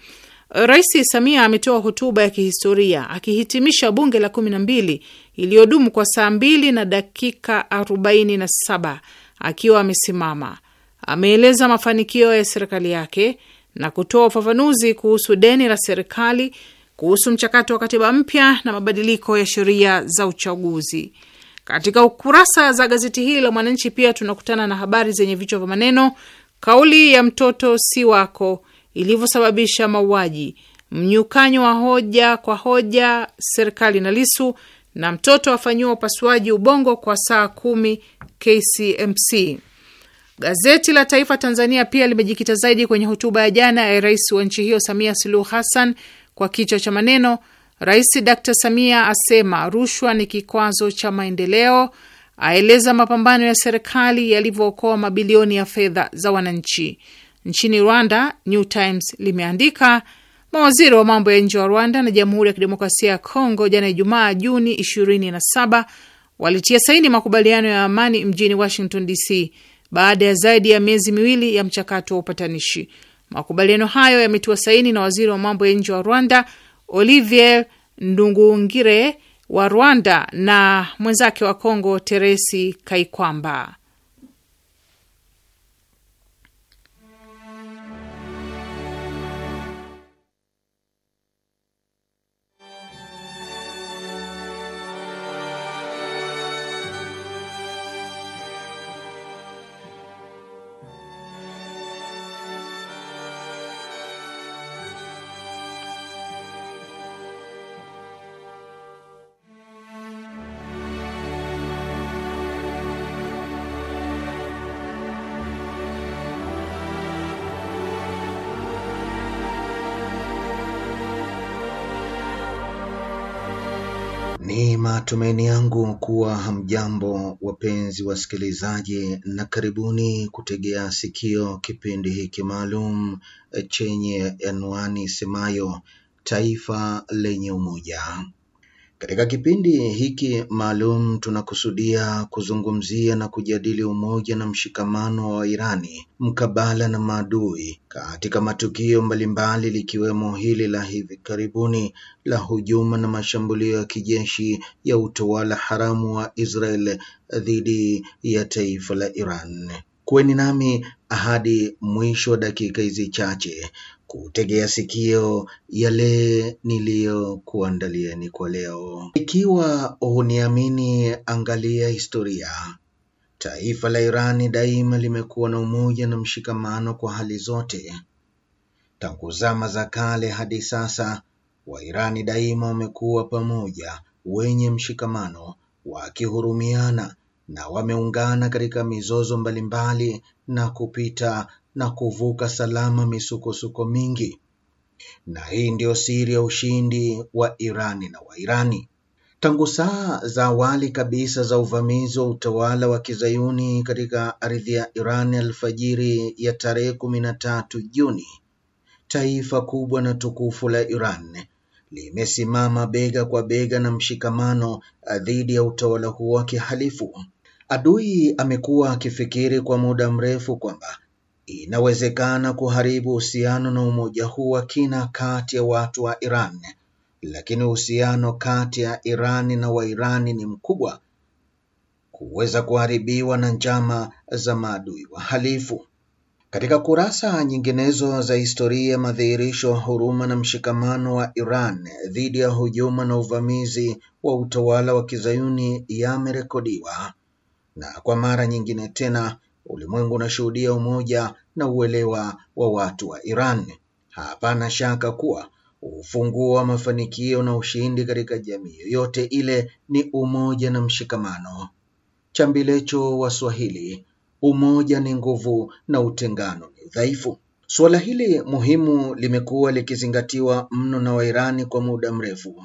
C: Rais Samia ametoa hotuba ya kihistoria akihitimisha bunge la kumi na mbili iliyodumu kwa saa mbili na dakika arobaini na saba akiwa amesimama ameeleza mafanikio ya serikali yake na kutoa ufafanuzi kuhusu deni la serikali, kuhusu mchakato wa katiba mpya na mabadiliko ya sheria za uchaguzi. Katika ukurasa za gazeti hili la Mwananchi pia tunakutana na habari zenye vichwa vya maneno: kauli ya mtoto si wako ilivyosababisha mauaji, mnyukanyo wa hoja kwa hoja serikali na Lisu, na mtoto afanyiwa upasuaji ubongo kwa saa kumi KCMC. Gazeti la Taifa Tanzania pia limejikita zaidi kwenye hotuba ya jana ya rais wa nchi hiyo Samia Suluhu Hassan kwa kichwa cha maneno, Rais d Samia asema rushwa ni kikwazo cha maendeleo, aeleza mapambano ya serikali yalivyookoa mabilioni ya fedha za wananchi. Nchini Rwanda, New Times limeandika Mawaziri wa mambo ya nje wa Rwanda na Jamhuri ya Kidemokrasia ya Kongo jana Ijumaa Juni 27 walitia saini makubaliano ya amani mjini Washington DC baada ya zaidi ya miezi miwili ya mchakato wa upatanishi. Makubaliano hayo yametiwa saini na waziri wa mambo ya nje wa Rwanda Olivier Ndungungire wa Rwanda na mwenzake wa Kongo Teresi Kaikwamba.
D: Matumaini yangu kuwa hamjambo wapenzi wasikilizaji, na karibuni kutegea sikio kipindi hiki maalum eh, chenye anwani semayo taifa lenye umoja. Katika kipindi hiki maalum tunakusudia kuzungumzia na kujadili umoja na mshikamano wa Irani mkabala na maadui katika matukio mbalimbali likiwemo hili la hivi karibuni la hujuma na mashambulio ya kijeshi ya utawala haramu wa Israel dhidi ya taifa la Iran. Kuweni nami hadi mwisho wa dakika hizi chache kutegea sikio yale niliyokuandalieni kwa leo. Ikiwa huniamini, angalia historia. Taifa la Irani daima limekuwa na umoja na mshikamano kwa hali zote. Tangu zama za kale hadi sasa, Wairani daima wamekuwa pamoja, wenye mshikamano, wakihurumiana na wameungana katika mizozo mbalimbali na kupita na kuvuka salama misukosuko mingi. Na hii ndiyo siri ya ushindi wa Irani na Wairani. Tangu saa za awali kabisa za uvamizi wa utawala wa kizayuni katika ardhi ya Iran alfajiri ya tarehe kumi na tatu Juni, taifa kubwa na tukufu la Iran limesimama bega kwa bega na mshikamano eh, dhidi ya utawala huo wa kihalifu. Adui amekuwa akifikiri kwa muda mrefu kwamba inawezekana kuharibu uhusiano na umoja huu wa kina kati ya watu wa Iran, lakini uhusiano kati ya Irani na Wairani ni mkubwa kuweza kuharibiwa na njama za maadui wahalifu. Katika kurasa nyinginezo za historia, madhihirisho ya huruma na mshikamano wa Iran dhidi ya hujuma na uvamizi wa utawala wa kizayuni yamerekodiwa, na kwa mara nyingine tena ulimwengu unashuhudia umoja na uelewa wa watu wa Iran. Hapana shaka kuwa ufunguo wa mafanikio na ushindi katika jamii yoyote ile ni umoja na mshikamano. Chambilecho wa Swahili, umoja ni nguvu na utengano ni udhaifu. Suala hili muhimu limekuwa likizingatiwa mno na Wairani kwa muda mrefu.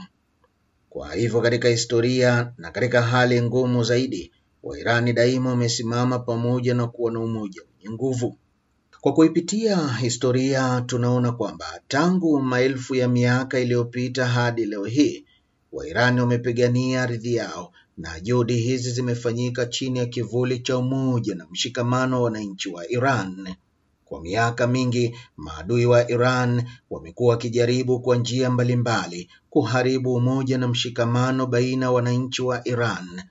D: Kwa hivyo, katika historia na katika hali ngumu zaidi, Wairani daima wamesimama pamoja na kuwa na umoja wenye nguvu. Kwa kuipitia historia, tunaona kwamba tangu maelfu ya miaka iliyopita hadi leo hii Wairani wamepigania ardhi yao na juhudi hizi zimefanyika chini ya kivuli cha umoja na mshikamano wa wananchi wa Iran. Kwa miaka mingi, maadui wa Iran wamekuwa wakijaribu kwa njia mbalimbali kuharibu umoja na mshikamano baina ya wananchi wa Iran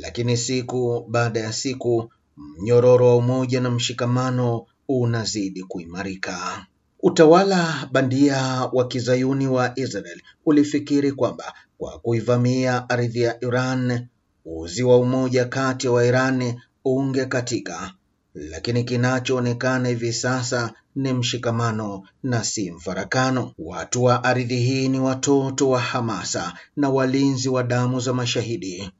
D: lakini siku baada ya siku mnyororo wa umoja na mshikamano unazidi kuimarika. Utawala bandia wa kizayuni wa Israel ulifikiri kwamba kwa kuivamia ardhi ya Iran uzi wa umoja kati ya wa Wairani ungekatika, lakini kinachoonekana hivi sasa ni mshikamano na si mfarakano. Watu wa ardhi hii ni watoto wa hamasa na walinzi wa damu za mashahidi.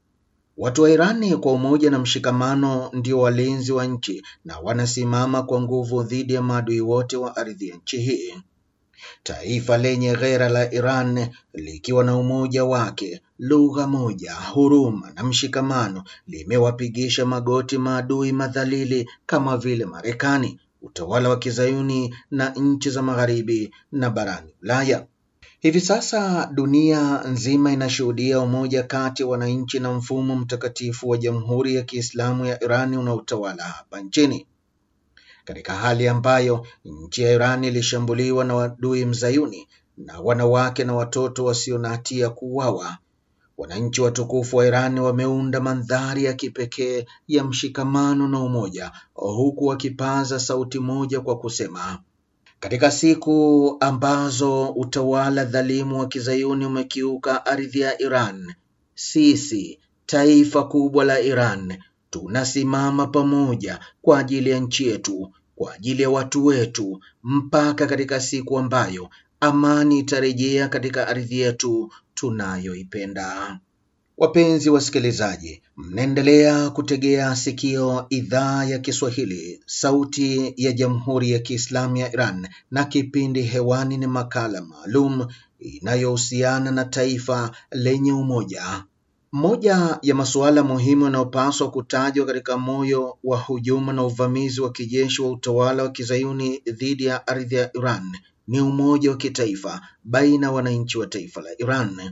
D: Watu wa Irani kwa umoja na mshikamano ndio walinzi wa nchi na wanasimama kwa nguvu dhidi ya maadui wote wa ardhi ya nchi hii. Taifa lenye ghera la Iran likiwa na umoja wake, lugha moja, huruma na mshikamano, limewapigisha magoti maadui madhalili kama vile Marekani, utawala wa Kizayuni na nchi za Magharibi na barani Ulaya. Hivi sasa dunia nzima inashuhudia umoja kati ya wananchi na mfumo mtakatifu wa Jamhuri ya Kiislamu ya irani unaotawala hapa nchini. Katika hali ambayo nchi ya Iran ilishambuliwa na adui mzayuni na wanawake na watoto wasio na hatia kuuawa, wananchi watukufu wa Iran wameunda mandhari ya kipekee ya mshikamano na umoja, huku wakipaza sauti moja kwa kusema katika siku ambazo utawala dhalimu wa kizayuni umekiuka ardhi ya Iran, sisi taifa kubwa la Iran tunasimama pamoja kwa ajili ya nchi yetu, kwa ajili ya watu wetu, mpaka katika siku ambayo amani itarejea katika ardhi yetu tunayoipenda. Wapenzi wasikilizaji, mnaendelea kutegea sikio idhaa ya Kiswahili, sauti ya jamhuri ya kiislamu ya Iran, na kipindi hewani ni makala maalum inayohusiana na taifa lenye umoja. Moja ya masuala muhimu yanayopaswa kutajwa katika moyo wa hujuma na uvamizi wa kijeshi wa utawala wa kizayuni dhidi ya ardhi ya Iran ni umoja wa kitaifa baina ya wananchi wa taifa la Iran.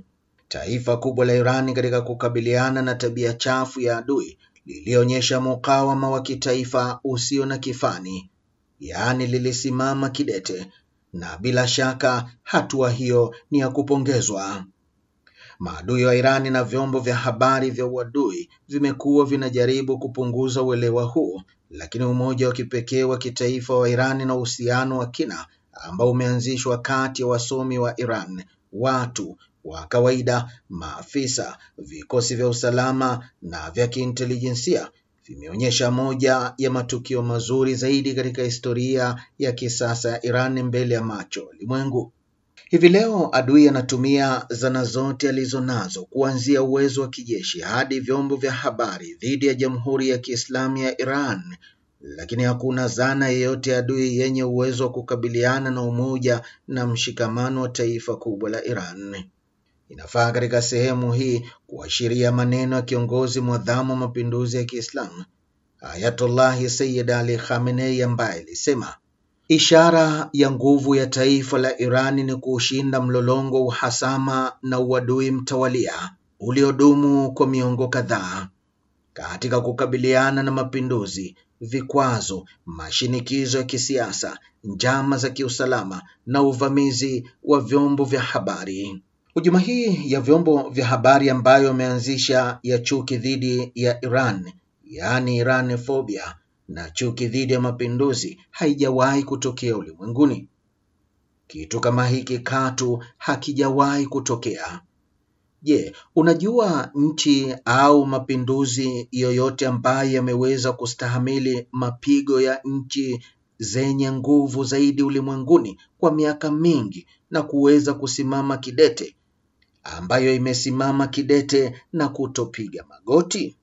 D: Taifa kubwa la Irani katika kukabiliana na tabia chafu ya adui lilionyesha mukawama wa kitaifa usio na kifani, yaani lilisimama kidete, na bila shaka hatua hiyo ni ya kupongezwa. Maadui wa Irani na vyombo vya habari vya uadui vimekuwa vinajaribu kupunguza uelewa huu, lakini umoja wa kipekee wa kitaifa wa Irani na uhusiano wa kina ambao umeanzishwa kati ya wasomi wa Iran, watu, wa kawaida, maafisa, vikosi vya usalama na vya kiintelijensia vimeonyesha moja ya matukio mazuri zaidi katika historia ya kisasa ya Iran mbele ya macho ulimwengu. Hivi leo adui anatumia zana zote alizonazo kuanzia uwezo wa kijeshi hadi vyombo vya habari dhidi ya Jamhuri ya Kiislamu ya Iran, lakini hakuna zana yeyote adui yenye uwezo wa kukabiliana na umoja na mshikamano wa taifa kubwa la Iran inafaa katika sehemu hii kuashiria maneno ya kiongozi mwadhamu wa mapinduzi ya Kiislamu Ayatullahi Sayyid Ali Khamenei ambaye alisema ishara ya nguvu ya taifa la Irani ni kuushinda mlolongo uhasama na uadui mtawalia uliodumu kwa miongo kadhaa katika kukabiliana na mapinduzi, vikwazo, mashinikizo ya kisiasa, njama za kiusalama na uvamizi wa vyombo vya habari. Hujuma hii ya vyombo vya habari ambayo imeanzisha ya chuki dhidi ya Iran, yaani Iran phobia na chuki dhidi ya mapinduzi haijawahi kutokea ulimwenguni. Kitu kama hiki katu hakijawahi kutokea. Je, unajua nchi au mapinduzi yoyote ambayo yameweza kustahamili mapigo ya nchi zenye nguvu zaidi ulimwenguni kwa miaka mingi na kuweza kusimama kidete ambayo imesimama kidete na kutopiga magoti?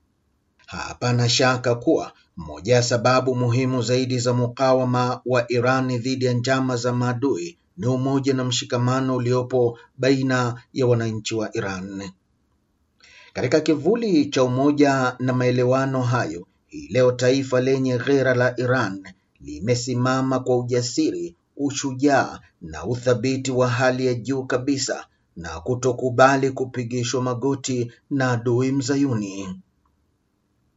D: Hapana shaka kuwa moja ya sababu muhimu zaidi za mukawama wa Iran dhidi ya njama za maadui ni umoja na mshikamano uliopo baina ya wananchi wa Iran. Katika kivuli cha umoja na maelewano hayo, hii leo taifa lenye ghera la Iran limesimama kwa ujasiri, ushujaa na uthabiti wa hali ya juu kabisa na kutokubali kupigishwa magoti na adui mzayuni.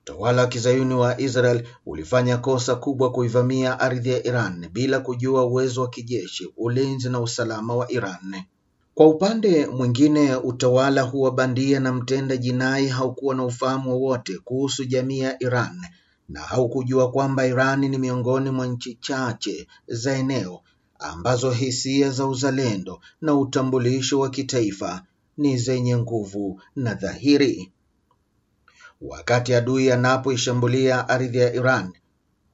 D: Utawala wa kizayuni wa Israel ulifanya kosa kubwa kuivamia ardhi ya Iran bila kujua uwezo wa kijeshi, ulinzi na usalama wa Iran. Kwa upande mwingine, utawala huwa bandia na mtenda jinai haukuwa na ufahamu wowote kuhusu jamii ya Iran na haukujua kwamba Iran ni miongoni mwa nchi chache za eneo ambazo hisia za uzalendo na utambulisho wa kitaifa ni zenye nguvu na dhahiri. Wakati adui anapoishambulia ardhi ya Iran,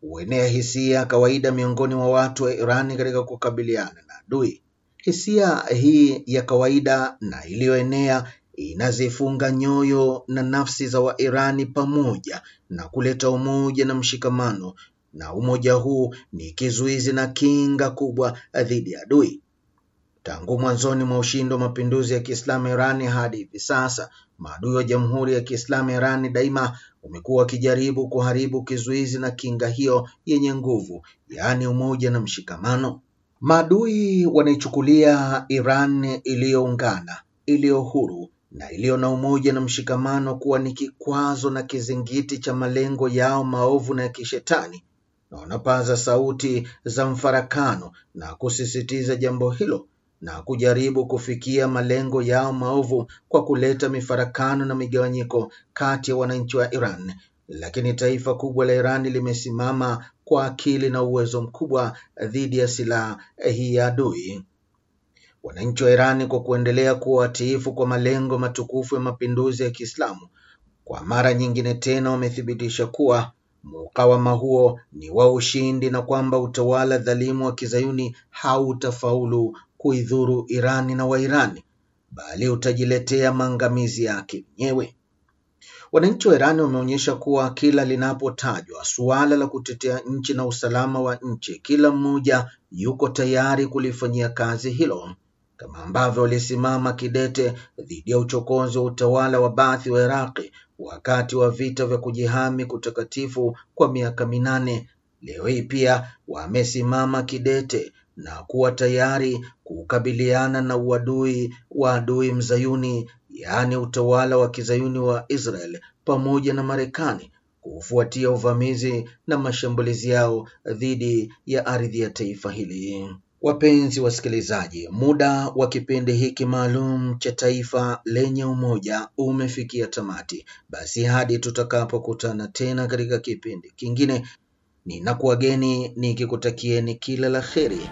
D: huenea hisia kawaida miongoni mwa watu wa Iran katika kukabiliana na adui. Hisia hii ya kawaida na iliyoenea inazifunga nyoyo na nafsi za Wairani pamoja na kuleta umoja na mshikamano na umoja huu ni kizuizi na kinga kubwa dhidi ya adui. Tangu mwanzoni mwa ushindi wa mapinduzi ya Kiislamu Irani hadi hivi sasa, maadui wa Jamhuri ya Kiislamu Irani daima umekuwa wakijaribu kuharibu kizuizi na kinga hiyo yenye nguvu, yaani umoja na mshikamano. Maadui wanaichukulia Iran iliyoungana, iliyo huru na iliyo na umoja na mshikamano kuwa ni kikwazo na kizingiti cha malengo yao maovu na ya kishetani na wanapaza sauti za mfarakano na kusisitiza jambo hilo na kujaribu kufikia malengo yao maovu kwa kuleta mifarakano na migawanyiko kati ya wananchi wa Iran. Lakini taifa kubwa la Iran limesimama kwa akili na uwezo mkubwa dhidi ya silaha hii ya adui. Wananchi wa Iran, kwa kuendelea kuwa watiifu kwa malengo matukufu ya mapinduzi ya Kiislamu, kwa mara nyingine tena wamethibitisha kuwa mukawama huo ni wa ushindi na kwamba utawala dhalimu wa kizayuni hautafaulu kuidhuru Irani na Wairani bali utajiletea maangamizi yake wenyewe. Wananchi wa Irani wameonyesha kuwa kila linapotajwa suala la kutetea nchi na usalama wa nchi, kila mmoja yuko tayari kulifanyia kazi hilo, kama ambavyo walisimama kidete dhidi ya uchokozi wa utawala wa Baath wa Iraqi wakati wa vita vya kujihami kutakatifu kwa miaka minane. Leo hii pia wamesimama kidete na kuwa tayari kukabiliana na uadui wa adui mzayuni, yaani utawala wa kizayuni wa Israel pamoja na Marekani kufuatia uvamizi na mashambulizi yao dhidi ya ardhi ya taifa hili. Wapenzi wasikilizaji, muda wa kipindi hiki maalum cha Taifa lenye Umoja umefikia tamati. Basi hadi tutakapokutana tena katika kipindi kingine, ninakuwageni nikikutakieni kila la heri.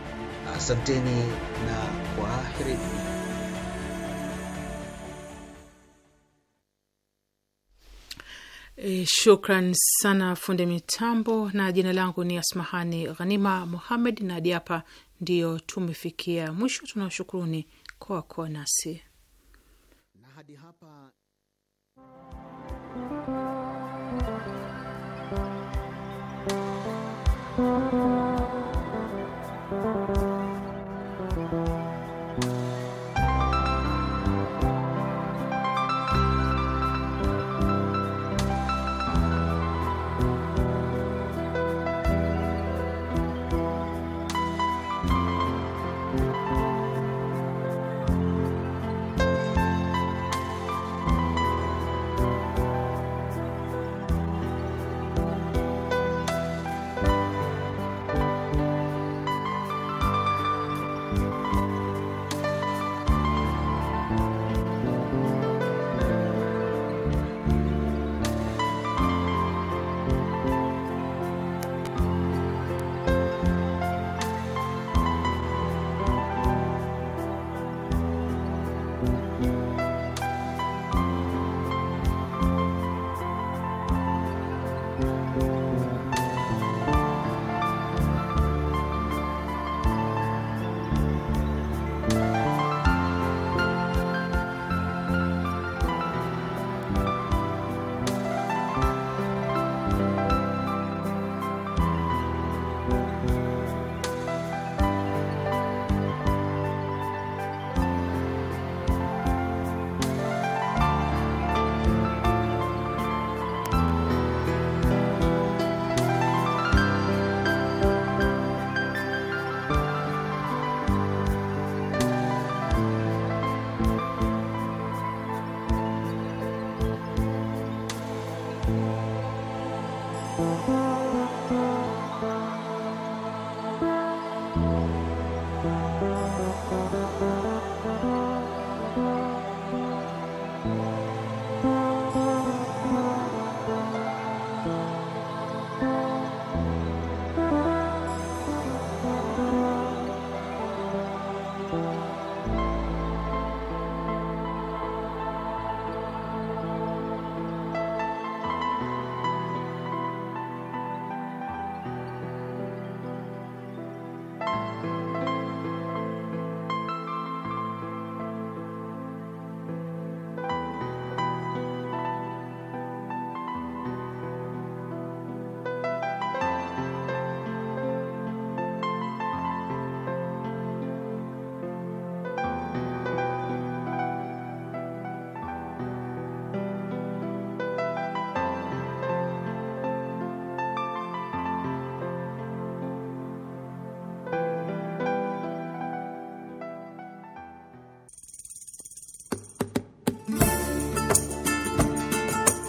D: Asanteni na kwaherini.
C: E, shukran sana fundi mitambo, na jina langu ni Asmahani Ghanima Muhammed, na hadi hapa ndiyo tumefikia mwisho. Tunawashukuruni kwa kuwa nasi
E: na hadi hapa